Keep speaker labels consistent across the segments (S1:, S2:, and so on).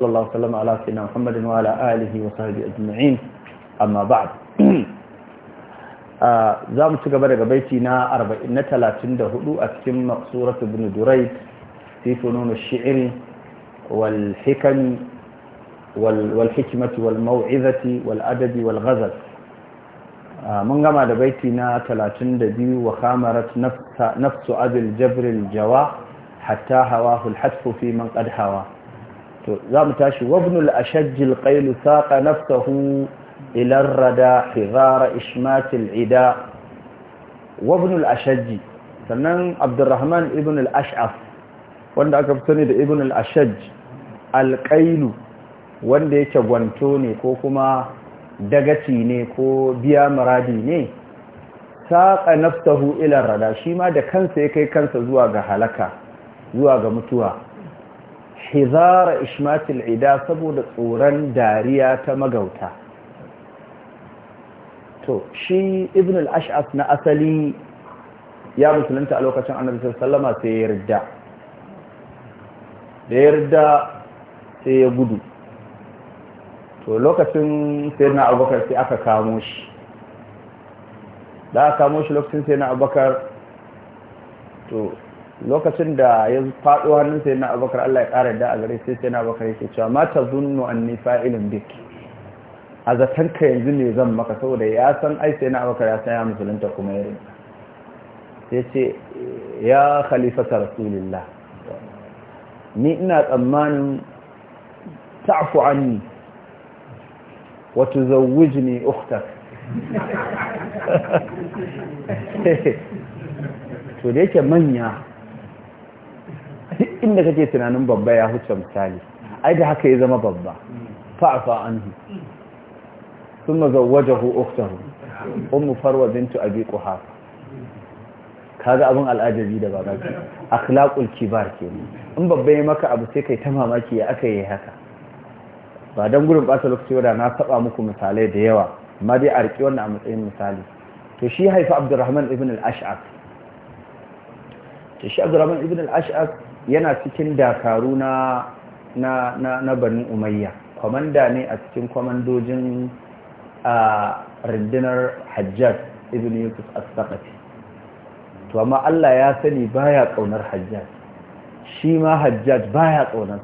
S1: صلى الله وسلم على سيدنا محمد وعلى آله وصحبه أجمعين أما بعد za mu ci gaba daga baiti na 34 a cikin maqsurat ibn durayd fi funun ash-shi'r wal hikam wal hikmah wal maw'izah wal adab uh, mun gama da baiti na biyu wa khamarat nafsu abil jabr jawa hatta hawa al man qad hawa to za mu tashi wabnul ashajjil qailu saqa nafsahu ila ar-rada hirara ishmatil ida wabnul ashajji sannan abdurrahman ibn al-ash'af wanda aka fi sani da ibn al ashajj al-qailu wanda yake gwanto ne ko kuma dagaci ne ko biya muradi ne saqa naftahu ila rada shi ma da kansa ya kai kansa zuwa ga halaka zuwa ga mutuwa hizara ishmatil ida saboda tsoron dariya ta magauta to shi ibn al-ash'af na asali ya musulunta a lokacin annabi sallama sai ya yarda da yarda sai ya gudu to lokacin sai na abubakar sai aka kamo shi da aka kamo shi lokacin sai na abubakar to lokacin da ya faɗo hannun sai na abokar Allah ya ƙara da a gare sai sai na abokar yake cewa mata zunnu an nisa ilin duk a zaton ka yanzu ne zan maka saboda ya san ai sai na abokar ya san ya musulunta kuma ya sai ce ya khalifata rasulillah ni ina tsammanin ta'fu anni wa tuzawwijni ukhtak to da yake manya inda kake tunanin babba ya huce misali ai da haka ya zama babba fa'afa anhu thumma zawwajahu ukhtahu ummu farwa bintu abi quhaf kaga abin al'ajabi da baba ki akhlaqul kibar kenan in babba ya maka abu sai kai ta mamaki ya aka yi haka ba dan gurin ba lokaci da na saba muku misalai da yawa amma dai a wannan a matsayin misali to shi haifa abdurrahman ibn al-ash'ab ta shi abdurrahman ibn al yana cikin dakaru na na na, na bani umayya kwamanda ne a cikin kwamandojin a rindinar hajjaj ibn yusuf as-saqafi to amma Allah ya sani baya kaunar hajjaj shi ma hajjaj baya kaunar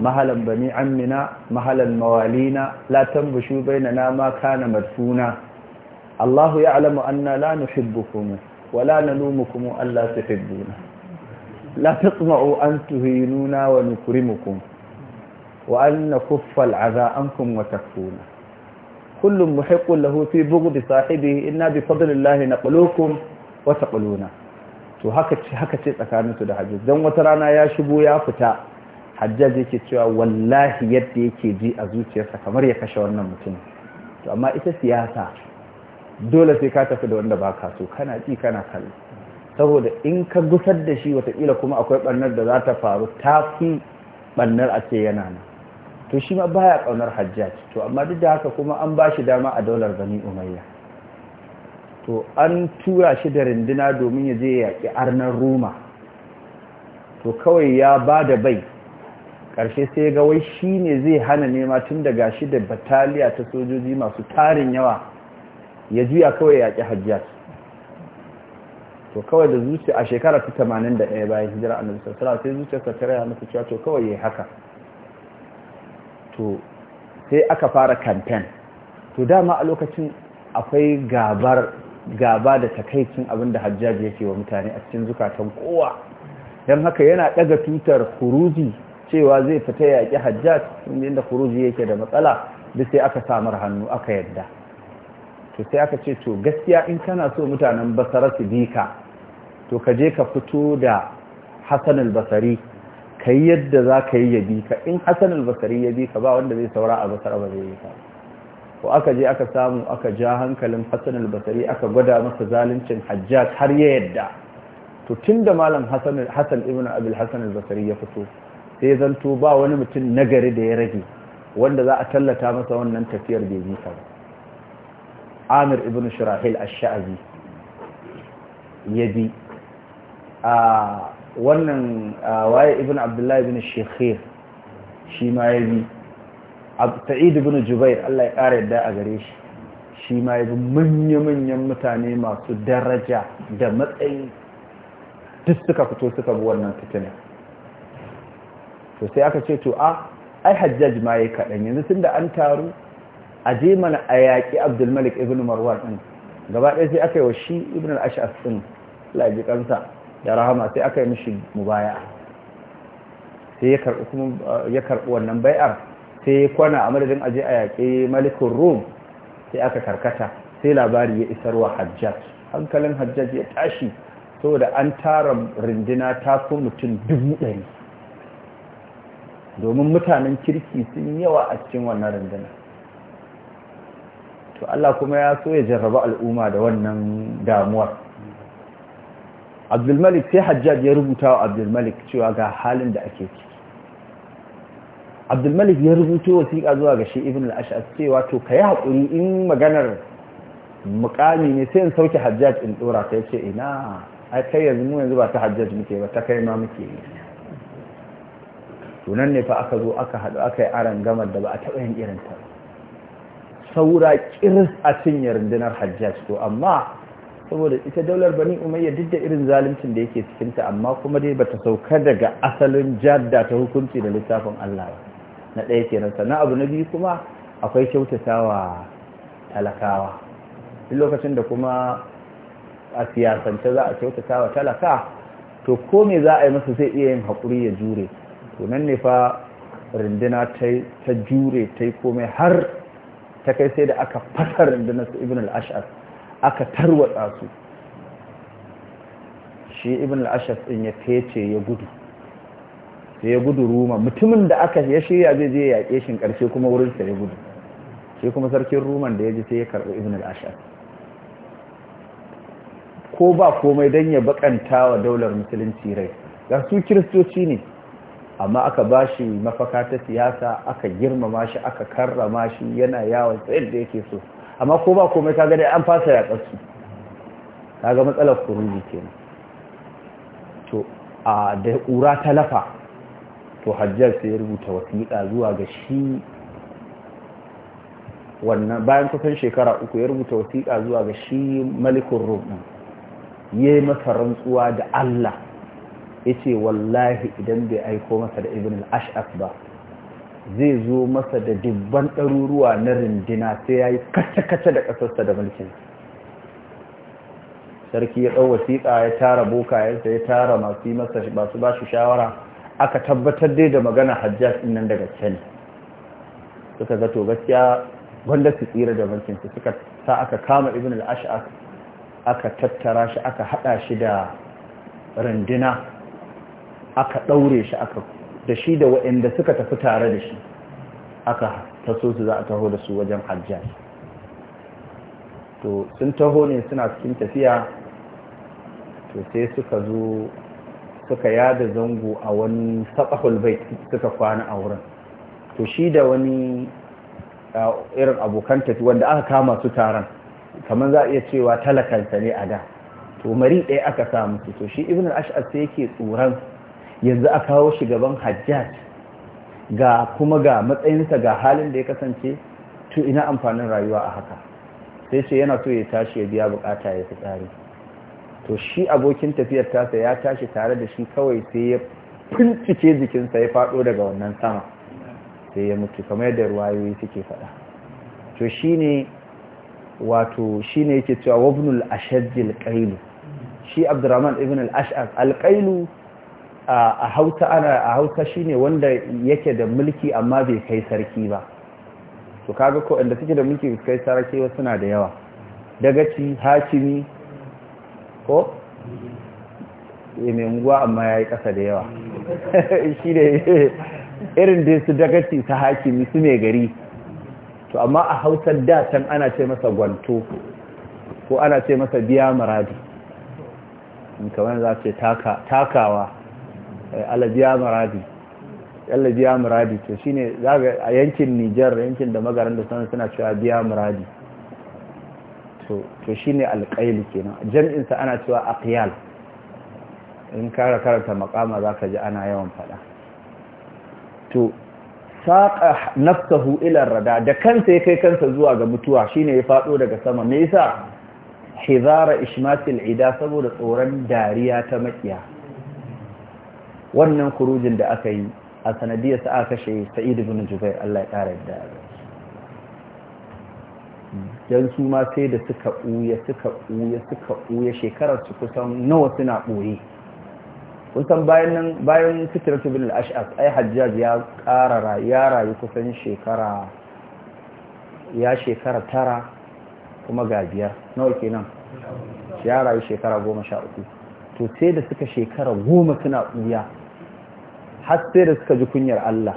S1: mahalan bani Amina, mahalan mawalina la tambushu bainana ma kana madfuna Allahu ya'lamu anna la nuhibbukum wala nalumukum alla tuhibbuna la tasma'u an tuhinuna wa nukrimukum wa an nakuffa al'adha ankum wa takfuna kullum muhiqqun lahu fi bughdi sahibihi inna bi fadlillahi naqlukum wa taquluna to haka ce haka tsakaninsu da hajjaj dan wata rana ya shigo ya fita hajjaj yake cewa wallahi yadda yake ji a zuciyarsa kamar ya kashe wannan mutum to amma ita siyasa dole sai ka tafi da wanda ba ka so kana ci kana kallo saboda in ka gusar da shi watakila kuma akwai ɓarnar da za ta faru ta fi ɓarnar a ce yana nan to shi ma baya ƙaunar hajjaji to amma duk da haka kuma an ba shi dama a daular gani umayya to an tura shi da rindina domin ya je yaƙi arnar roma to kawai ya ba da bai ƙarshe sai ga wai shi ne zai hana nema tun daga shi da bataliya ta sojoji masu tarin yawa ya juya kawai ya ƙi hajjiyar. to kawai da zuci a shekara ta 81 bayan hijira a nan alaihi sai zuciyarsa ta raya masa cewa to kawai ya yi haka to sai aka fara kamfen. to dama a lokacin akwai gabar gaba da takaicin abin da hajjaji yake wa mutane a cikin zukatan kowa don haka yana ɗaga tutar kuruji cewa zai fita yaƙi hajjaj inda kuruji yake da matsala duk sai aka samar hannu aka yadda to sai aka ce to gaskiya in kana so mutanen basara su bika ka to ka je ka fito da hassan albasari ka yi yadda za ka yi ya bika in hassan albasari ya bika ka ba wanda zai saura a basara ba zai yi ka ko aka je aka samu aka ja hankalin hassan albasari aka gwada masa zaluncin hajjaj har ya yadda to tun da malam hassan ibn abil hassan albasari ya fito sai zanto ba wani mutum nagari da ya rage wanda za a tallata masa wannan tafiyar bai bi ka ba amir ibn shirahil ash-sha'abi ya bi a wannan waye ibn abdullahi ibn shekhir shi ma ya bi Abdu'l-Ta'idu ibn jubair Allah ya ƙara yadda a gare shi shi ma ya bi manya-manyan mutane masu daraja da matsayi duk suka fito suka bi wannan fitina to sai aka ce to a ah, ai hajjaj ma ya kaɗan yanzu tun da an taru a je mana a yaƙi abdulmalik ibn marwan ɗin gaba ɗaya sai aka yi wa shi ibn al ashas ɗin laji kansa da rahama sai aka yi mishi mubaya sai ya karɓi kuma ya karɓi wannan bai'ar sai ya kwana a madadin aje a yaƙi Malikin rum sai aka karkata sai labari ya isarwa hajjaj hankalin hajjaj ya tashi saboda an tara rindina ta fi mutum dubu ɗari domin mutanen kirki sun yawa a cikin wannan rindina. to Allah kuma ya so ya jarraba al'umma da wannan damuwar abdulmalik sai hajjaj ya rubuta wa abdulmalik cewa ga halin da ake ciki abdulmalik ya rubuto wasiƙa zuwa ga shi ibn al-ash'as cewa to kai hakuri in maganar mukami ne sai in sauke hajjaj in dora ta ce ina ai kai yanzu mu yanzu ba ta hajjaj muke ba ta kai ma muke to nan ne fa aka zo aka haɗu aka yi aran gamar da ba a taɓa yin irin ta ba saura kiris a cinye rundunar hajjaj to amma saboda ita daular bani umayya duk da irin zaluncin da yake cikinta amma kuma dai bata sauka daga asalin jadda ta hukunci da littafin Allah na ɗaya kenan sannan abu na biyu kuma akwai kyautatawa talakawa duk lokacin da kuma a siyasance za a kyautatawa talaka to ko me za a yi masa zai iya yin haƙuri ya jure to nan ne fa runduna ta jure ta yi komai har ta kai sai da aka fasar da su ibn al aka tarwatsa su shi ibn al ɗin ya fece ya gudu sai ya gudu ruma mutumin da aka ya shirya zai je ya yaƙe shin ƙarshe kuma wurin ya gudu shi kuma sarkin ruman da ya ji sai ya karɓi ibn al ko ba komai don ya baƙanta wa daular musulunci rai ga su kiristoci ne amma aka ba shi mafaka ta siyasa aka girmama shi aka karrama shi yana yawon tsayar da yake so amma ko ba komai ta gada an fasa ya su ta ga matsalar kuruji kenan to a da ƙura ta lafa to hajjar sai ya rubuta wasiƙa zuwa ga shi wannan bayan kusan shekara uku ya rubuta wasiƙa zuwa ga shi malikun rumun ya yi masa rantsuwa da Allah yace wallahi idan bai aiko masa da ibn al-ash'af ba zai zo masa da dubban ɗaruruwa na rindina sai ya yi kace-kace da ƙasarsa da mulkin sarki ya ɗau wasiƙa ya tara bokayensa ya tara masu masa masu ba shi shawara aka tabbatar dai da magana hajjaj ɗin nan daga can suka ga to gaskiya wanda su tsira da mulkin su suka sa aka kama ibn al aka tattara shi aka haɗa shi da rindina aka ɗaure shi aka da shi da waɗanda suka tafi tare da shi aka taso su za a taho da su wajen hajjaj to sun taho ne suna cikin tafiya to sai suka zo suka yada zango a wani saɓahul bai suka kwana a wurin to shi da wani irin abokan tafi wanda aka kama su taron kamar za a iya cewa talakanta ne a da to mari ɗaya aka samu to shi ibn al-ash'ar sai yake tsoron yanzu a kawo shi gaban hajjaj ga kuma ga matsayinsa ga halin da ya kasance to ina amfanin rayuwa a haka sai ce yana so ya tashi ya biya bukata ya fi tsari to shi abokin tafiyar tasa ya tashi tare da shi kawai sai ya fincike jikinsa ya faɗo daga wannan sama sai ya mutu kamar yadda ruwayoyi suke faɗa to shi ne wato shi ne yake cewa wabnul ashajjil kailu shi abdurrahman ibn al-ash'ar a hauta ana a hauta ne wanda yake da mulki amma bai kai sarki ba to kaga ko inda suke da mulki bai kai sarki ba suna da yawa dagaci hakimi ko eh, mai unguwa amma ya yi ƙasa da yawa shi ne irin da su dagaci ta hakimi su ne gari to amma a hausar datan ana ce masa gwanto ko ana ce masa biya maradi in kamar za ce takawa alajiya muradi muradi to shine zaga a yankin nijar yankin da magarin da sanar suna cewa biya muradi to to shine alqail kenan jam'in ana cewa aqyal in kara karanta makama zaka ji ana yawan fada to saƙa nafsahu rada da kansa ya kai kansa zuwa ga mutuwa shine ya fado daga sama me yasa hizara ishmatil ida saboda tsoron dariya ta maƙiya. wannan kurujin da aka yi a sanadiyar sa aka kashe sa'id ibn jubair Allah ya kara yadda dan su ma sai da suka ɓuya suka ɓuya suka ɓuya shekarar su kusan nawa suna ɓoye kusan bayan nan bayan fitratu bin al-ash'ab ai hajjaj ya ƙarara ya rayu kusan shekara ya shekara tara kuma ga biyar nawa kenan ya rayu shekara goma sha uku to sai da suka shekara goma suna ɓuya har sai da suka ji kunyar Allah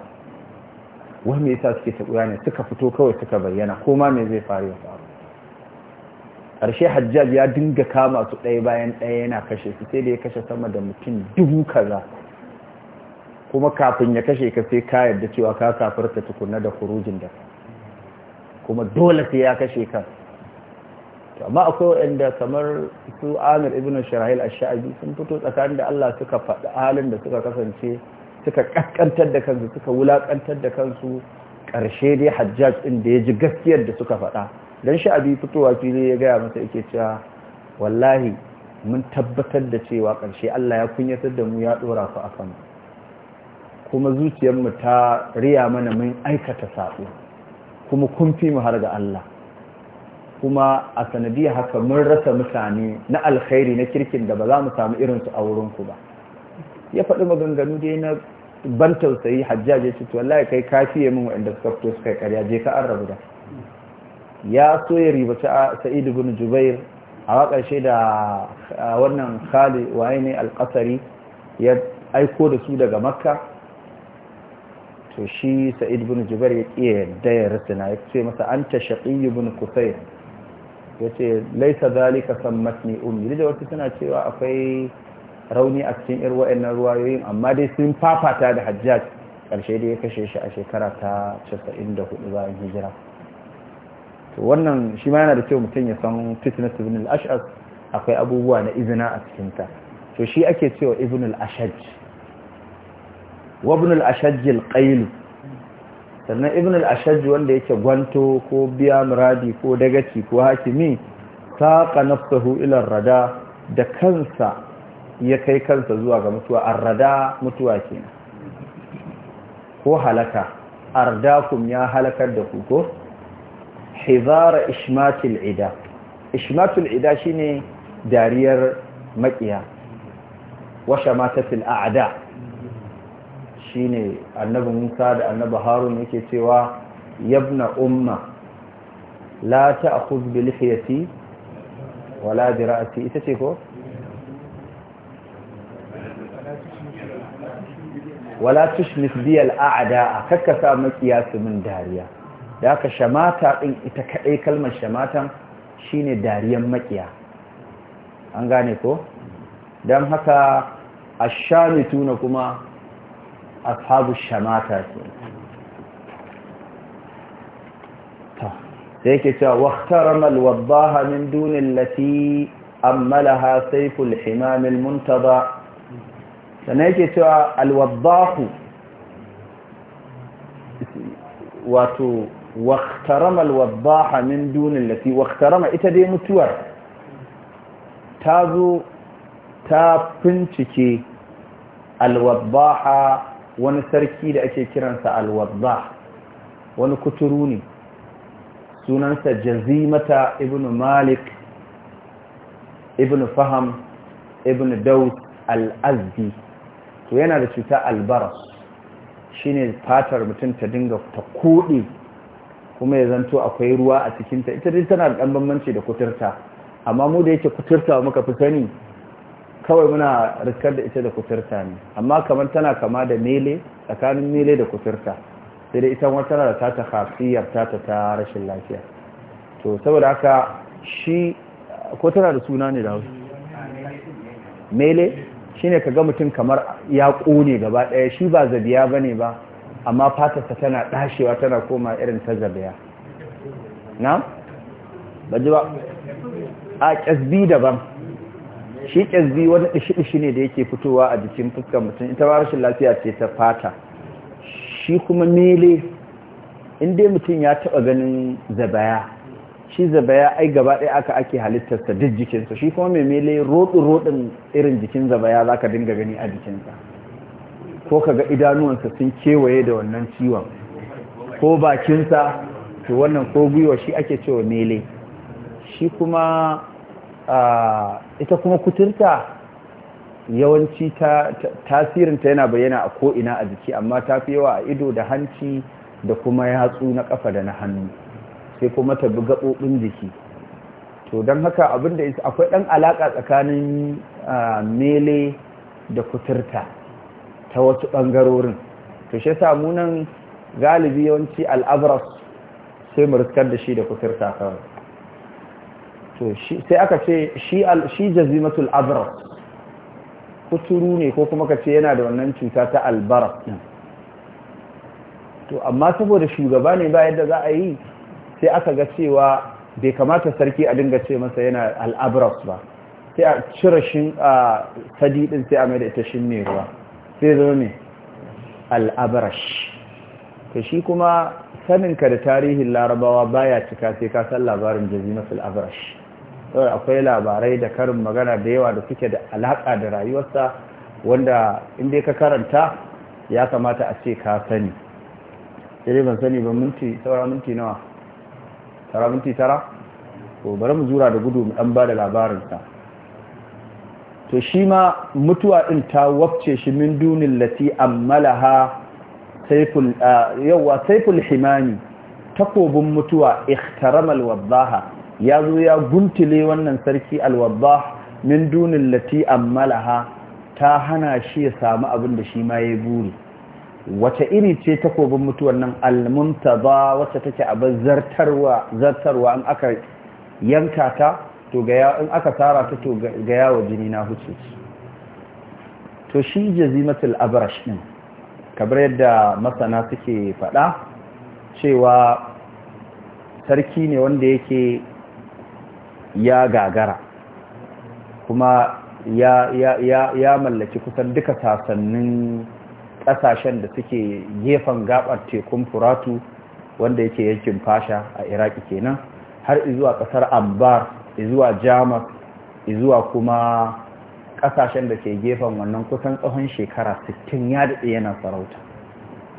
S1: wani me yasa suke taɓuya ne suka fito kawai suka bayyana ko ma me zai faru ya faru ƙarshe hajjaj ya dinga kama su ɗaya bayan ɗaya yana kashe su sai da ya kashe sama da mutum dubu kaza kuma kafin ya kashe ka sai ka yarda cewa ka kafar ta tukuna da kurujin da kuma dole sai ya kashe ka amma akwai waɗanda kamar su amir ibn shirahil ash-sha'abi sun fito tsakanin da Allah suka faɗi halin da suka kasance suka ƙasƙantar da kansu suka wulaƙantar da kansu ƙarshe dai hajjaj ɗin da ya ji gaskiyar da suka faɗa don biyu fitowa fili ya gaya masa yake cewa wallahi mun tabbatar da cewa ƙarshe Allah ya kunyatar da mu ya ɗora ku a kanmu kuma zuciyarmu ta riya mana mun aikata saɓo kuma kun fi mu har ga Allah kuma a sanadiyar haka mun rasa mutane na alkhairi na kirkin da ba za mu samu irinsu a wurinku ba ya faɗi maganganu dai na ban tausayi hajjaj ya ce to wallahi kai ka fiye min waɗanda suka fito suka karya je ka an da ya so ya ribaci sa'id ibn jubair a wakar shi da wannan khali waye ne alƙasari ya aiko da su daga makka to shi sa'id bin jubair ya ƙi yadda ya rasina ya ce masa an ta shaƙi ibn kusayr ya ce laisa zalika sammatni ummi da wasu suna cewa akwai rauni a cikin irin wa'annan ruwayoyin amma dai sun fafata da hajjaj ƙarshe da ya kashe shi a shekara ta 94 bayan hijira to wannan shi ma yana da kyau mutum ya san fitness ibn al ashad akwai abubuwa na izina a cikin ta to shi ake cewa ibn al-ashaj wa ibn al-ashaj al qayl sannan ibn al-ashaj wanda yake gwanto ko biya muradi ko dagaci ko hakimi saqa nafsuhu ila rada da kansa ya kai kansa zuwa ga mutuwa arrada mutuwa kenan ko halaka ardakum ya halakar da ku ko hizara ishmatul ida ishmatul ida shine dariyar makiya washa matatil a'da shine annabi Musa da annabi Harun yake cewa yabna umma la ta'khudh bi lihiyati wala bi ra'si ita ce ko wala tushnif biyal a'da'a kakka sa makiya su min dariya da ka shamata din ita kadai kalmar shamatan shine dariyan makiya an gane ko dan haka ash-shamituna kuma ashabu shamata ce ta sai ke cewa waqtarama al wadhaha min duni allati ammalaha sayful himam al-muntada sannan yake cewa alwaddahu wato waktarama alwaddaha min dunin lati waktarama ita dai mutuwar ta zo ta fincike alwabaha wani sarki da ake kiransa alwaddah wani kuturu ne sunansa jazimata ibn malik ibn faham ibn daud al to yana da cuta albaras shine fatar mutum ta dinga ta kuɗi kuma ya zanto akwai ruwa a cikinta ita dai tana da ɗan bambanci da kuturta amma mu da yake kuturta muka fi sani kawai muna riskar da ita da kuturta ne amma kamar tana kama da mele tsakanin mele da kuturta sai dai ita wata da ta ta hasiyar ta ta rashin lafiya to saboda haka shi ko tana da suna ne da hausa mele shine ga mutum kamar ya kone gaba daya shi ba zabiya bane ba amma fatarsa tana ɗashewa, tana koma irin ta zabiya na baji ba a kasbi daban shi kasbi wani dishi-dishi ne da yake fitowa a jikin fuskar mutum ita ba rashin lafiya ce ta fata shi kuma mele in dai mutum ya taɓa ganin zabaya shi zabaya ai gaba ɗaya aka ake halittarsa duk jikinsa shi kuma mai mele roɗin irin jikin zabaya za ka dinga gani a jikinsa ko ka ga idanuwansa sun kewaye da wannan ciwon ko bakinsa to wannan ko gwiwa shi ake cewa mele shi kuma ita kuma kuturta yawanci tasirinta yana bayyana a ko'ina a jiki amma ta fi yawa a ido da hanci da kuma yatsu na kafa da na hannu sai kuma ta bi gaɓoɓin jiki to don haka abin da akwai ɗan alaƙa tsakanin mele da kuturta ta wasu ɓangarorin to shi samu nan galibi yawanci al'abras sai mu da shi da kuturta kawai to sai aka ce shi jazimatul abras kuturu ne ko kuma ka ce yana da wannan cuta ta albaras to amma saboda shugaba ne ba yadda za a yi sai aka ga cewa bai kamata sarki a dinga ce masa yana al'abras ba sai a cire shi a sadi din sai a mai da ita ne ruwa sai zo ne al'abras ta shi kuma saninka da tarihin larabawa baya cika sai ka san labarin jazimatul abrash saboda akwai labarai da karin magana da yawa da suke da alaƙa da rayuwarsa wanda inda ka karanta ya kamata a ce ka sani sai ban sani ba minti saura minti nawa tara minti tara to bari mu zura da gudu mu dan ba da labarinsa to shi ma mutuwa din ta wafce shi min dunin lati ammalaha saiful yawa saiful himani takobin mutuwa ikhtaramal alwaddaha ya zo ya guntule wannan sarki alwadah min dunin lati ammalaha ta hana shi ya samu abin da shi ma ya buri wata iri ce takobin mutuwar nan ba wacce take a zartarwa zartarwa in aka yanka ta to ga in aka tara ta to ga yawo jini na huce to shi jazimatul abrash din kabar yadda masana suke faɗa cewa sarki ne wanda yake ya gagara kuma ya mallaki kusan duka sasannin ƙasashen da suke gefen gabar tekun furatu wanda yake yankin fasha a iraki kenan har zuwa ƙasar ambar zuwa jamus zuwa kuma ƙasashen da ke gefen wannan kusan tsawon shekara 60 ya daɗe yana sarauta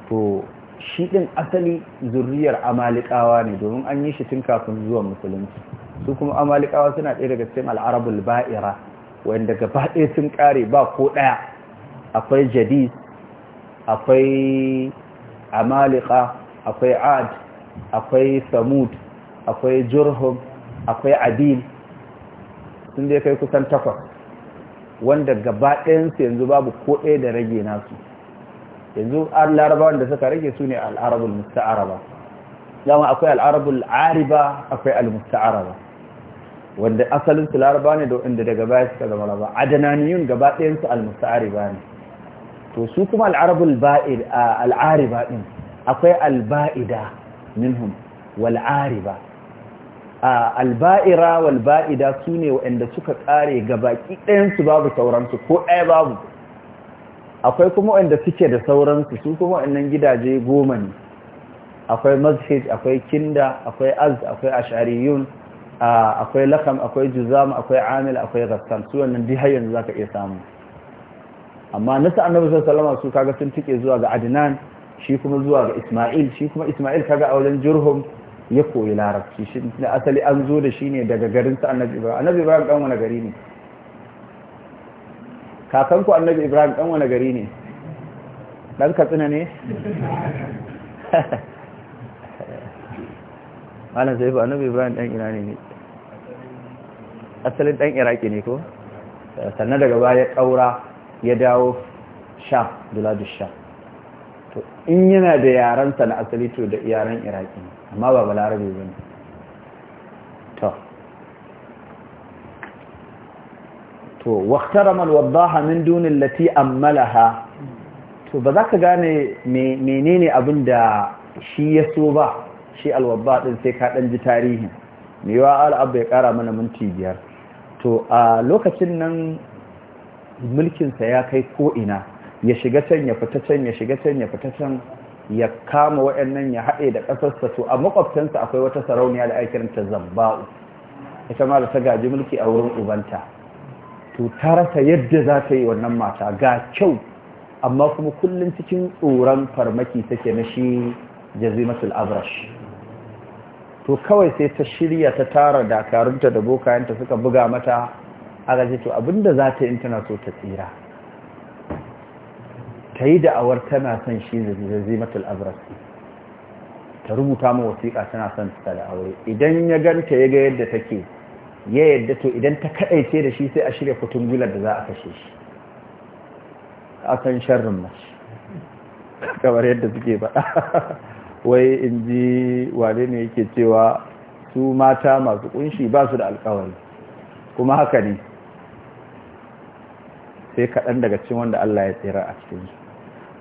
S1: to shi ɗin asali zurriyar amalikawa ne domin an yi shi tun kafin zuwa musulunci su kuma amalikawa suna ɗaya daga cikin al'arabul ba'ira wanda gaba ɗaya sun ƙare ba ko ɗaya akwai jadis akwai amalika akwai ad akwai samud akwai jurhum akwai adil sun dai kai kusan takwas wanda gaba ɗayansu yanzu babu ko ɗaya da rage nasu yanzu an laraba wanda suka rage su ne al'arabul musta'araba dama akwai al'arabul ariba akwai al-musta'araba wanda asalin su laraba ne da wanda daga baya suka zama raba adananiyun gaba ɗayansu al-musta'ariba ne to su kuma al'arabul ba'id al'ariba din akwai alba'ida minhum wal ariba alba'ira wal ba'ida sune waɗanda suka kare ga ɗayan su babu sauransu ko ɗaya babu akwai kuma waɗanda suke da sauransu su kuma waɗannan gidaje goma ne akwai mazhij akwai kinda akwai az akwai ashariyun akwai lakam akwai juzam akwai amil akwai ghassan su wannan duk har yanzu za ka iya samu amma nasa annabi Salama su kaga sun tike zuwa ga adnan shi kuma zuwa ga isma'il shi kuma isma'il kaga a wajen jurhum ya koyi larabci shi na asali an zo da shi ne daga garin sa annabi ibrahim annabi ibrahim dan wani gari ne kakan ku annabi ibrahim dan wani gari ne dan katsina ne malam zai ba annabi ibrahim dan ina ne asalin dan iraki ne ko sannan daga baya kaura ya dawo sham biladu sha to in yana da yarensa na asali to da yaren iraki amma ba balarabe ba ne to to waktarama alwaddaha min dunin lati ammalaha to ba za ka gane menene abin da shi ya so ba shi alwabba din sai ka ɗan ji tarihin mewa al'abba ya ƙara mana minti biyar to a lokacin nan mulkinsa ya kai ko'ina ya shiga can ya fita can ya shiga can ya fita can ya kama nan ya haɗe da ƙasarsa to a makwabtansa akwai wata sarauniya da aikin ta zamba'u ita ma da ta gaji mulki a wurin ubanta to ta rasa yadda za ta yi wannan mata ga kyau amma kuma kullum cikin tsoron farmaki take na shi jazimatul abrash to kawai sai ta shirya ta tara dakarunta da bokayenta suka buga mata aka ce to abinda za ta yi tana so ta tsira ta yi da'awar tana son shi zazimatul abras ta rubuta ma wasiƙa tana son ta da aure idan ya ganta ya ga yadda take ya yadda to idan ta kaɗaice da shi sai a shirya kutun gular da za a kashe shi a kan sharrin mace kamar yadda suke ba wai in ji wane ne yake cewa su mata masu kunshi ba su da alkawari kuma haka ne sai kaɗan daga cikin wanda Allah ya tsira a cikin su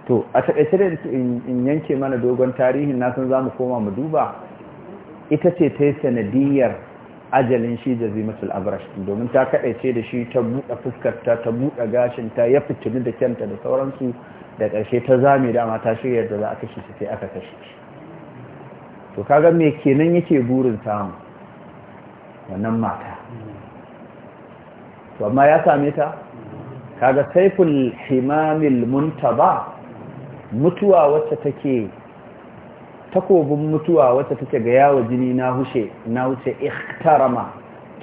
S1: to a taƙaice da in yanke mana dogon tarihin na san za mu koma mu duba ita ce ta yi sanadiyar ajalin shi da zimatul abrash domin ta kaɗaice da shi ta buɗe fuskarta ta buɗe gashinta ya fitini da kyanta da sauransu da ƙarshe ta zame dama ta shirya da za a kashe shi sai aka kashe shi to kaga me kenan yake burin samu wannan mata to amma ya same ta kaga saiful himamil muntaba mutuwa wacce take takobin mutuwa wacce take ga yawo jini na hushe na wuce ikhtarama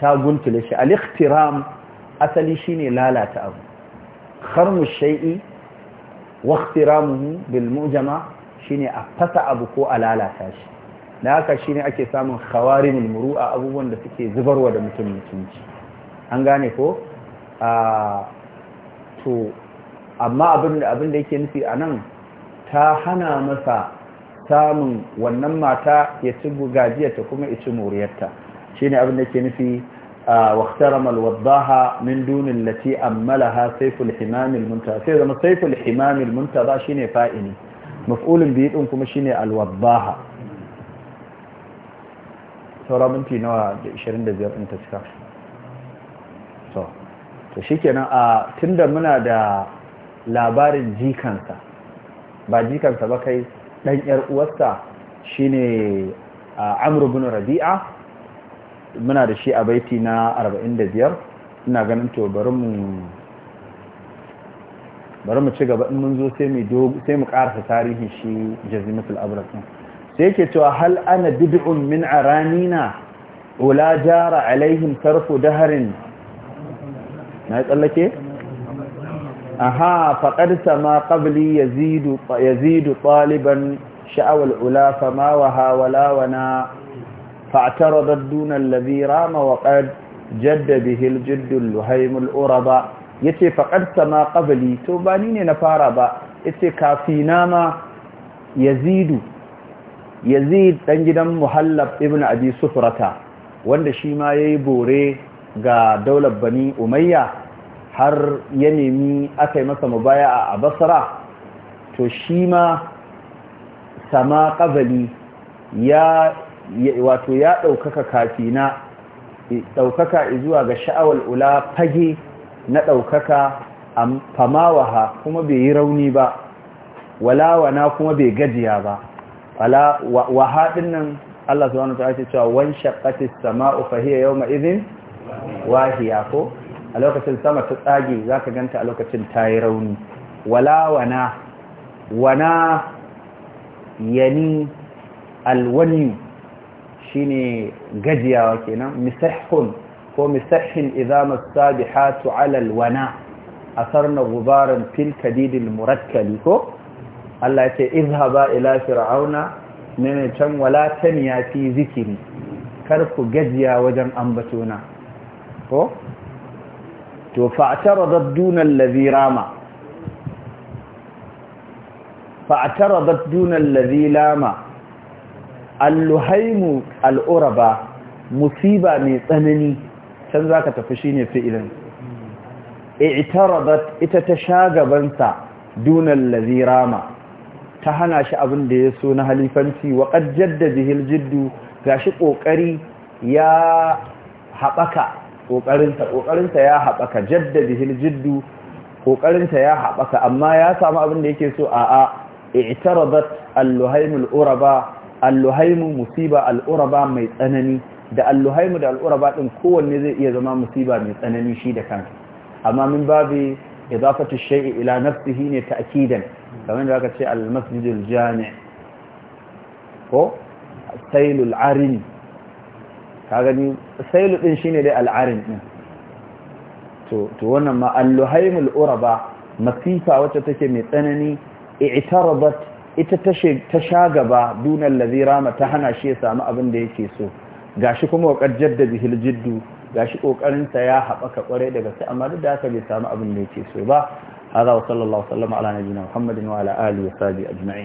S1: ta guntule shi al-ikhtiram asali shine lalata abu kharmu shay'i wa ikhtiramuhu bil mujama shine a fasa abu ko a lalata shi da haka shine ake samun khawarimul muru'a abubuwan da suke zubarwa da mutum mutunci an gane ko ah, so amma abin da yake nufi a nan ta hana masa samun wannan mata ya ci gajiyarta kuma ya ci moriyarta shi ne abin da yake nufi ah, waxtaramal wadda min dunin lati ammala ha saiful himamil munta sai zama saiful himamil munta ba shi ne fa’ini mafi biyu ɗin kuma shi ne alwadda ha sauramunti nawa da 25 ɗin ta so to shikenan a tunda muna da labarin jikansa ba jikansa ba kai dan yar uwarsa shine Amr ibn Rabi'a muna da shi a baiti na 45 ina ganin to bari mu bari mu ci gaba in mun zo sai mu sai mu karasa tarihi shi jazimatul abraq sai yake cewa hal ana bid'un min aranina wala jara alaihim sarfu daharin na tsallake aha faƙar sama qabli yazidu yazidu taliban sha'awal ula fama wa hawala wana fa'taradat duna alladhi rama wa qad jadda bihi aljidd alluhaym yace faƙar sama qabli to ba ni ne na fara ba yace kafina ma yazidu yazid dan gidan muhallab ibn abi sufrata wanda shi ma yayi bore ga daular bani umayya har ya nemi aka yi masa mubaya a basara to shi ma sama kabali ya wato ya ɗaukaka kafina ɗaukaka zuwa ga sha'awar ula fage na ɗaukaka famawaha kuma bai yi rauni ba wala na kuma bai gajiya ba wala wahaɗin nan Allah subhanahu wa ake ce cewa wani shaqqatis sama'u fahiyar yau ma'izin izin. wahiya ko a lokacin sama ta tsage za ka ganta a lokacin ta yi rauni wala wana wana yani alwani shine gajiyawa kenan misahun ko misahhin idza alal wana. A sarna gubaran fil kadidin murakkali ko Allah ce izhaba ila fir'auna mene can wala ta niyafi zikiri kar ku gajiya wajen ambatona ko to fa'taradat duna allazi rama fa'taradat duna allazi lama alluhaimu al'uraba musiba mai tsanani can zaka tafi shine fi'ilin i'taradat ita ta sha duna allazi rama ta hana shi abin da ya so na halifanci wa qad jadda ga jiddu ƙoƙari ya haɓaka Ƙoƙarinta ya haɓaka jaddadihil jiddu Ƙoƙarinta ya haɓaka amma ya samu abin da yake so a a i'taradat al-luhaimul uraba al-luhaimu musiba al-uraba mai tsanani da al-luhaimu da al-uraba din kowanne zai iya zama musiba mai tsanani shi da kansa amma min babu idafatu shay'i ila nafsihi ne ta'kidan kamar da aka ce al-masjidul jami' ko sailul arini ka gani sailu din shine dai al'arin din to to wannan ma al-luhaimul uraba masifa wacce take mai tsanani i'tarabat ita ta sha gaba dunan rama ta hana shi ya samu abin da yake so gashi kuma wakar jadda bihil jiddu gashi sa ya haɓaka kware daga sai amma duk da haka bai samu abin da yake so ba hada wa sallallahu alaihi wa sallam ala nabiyina muhammadin wa ala alihi wa sahbihi ajma'in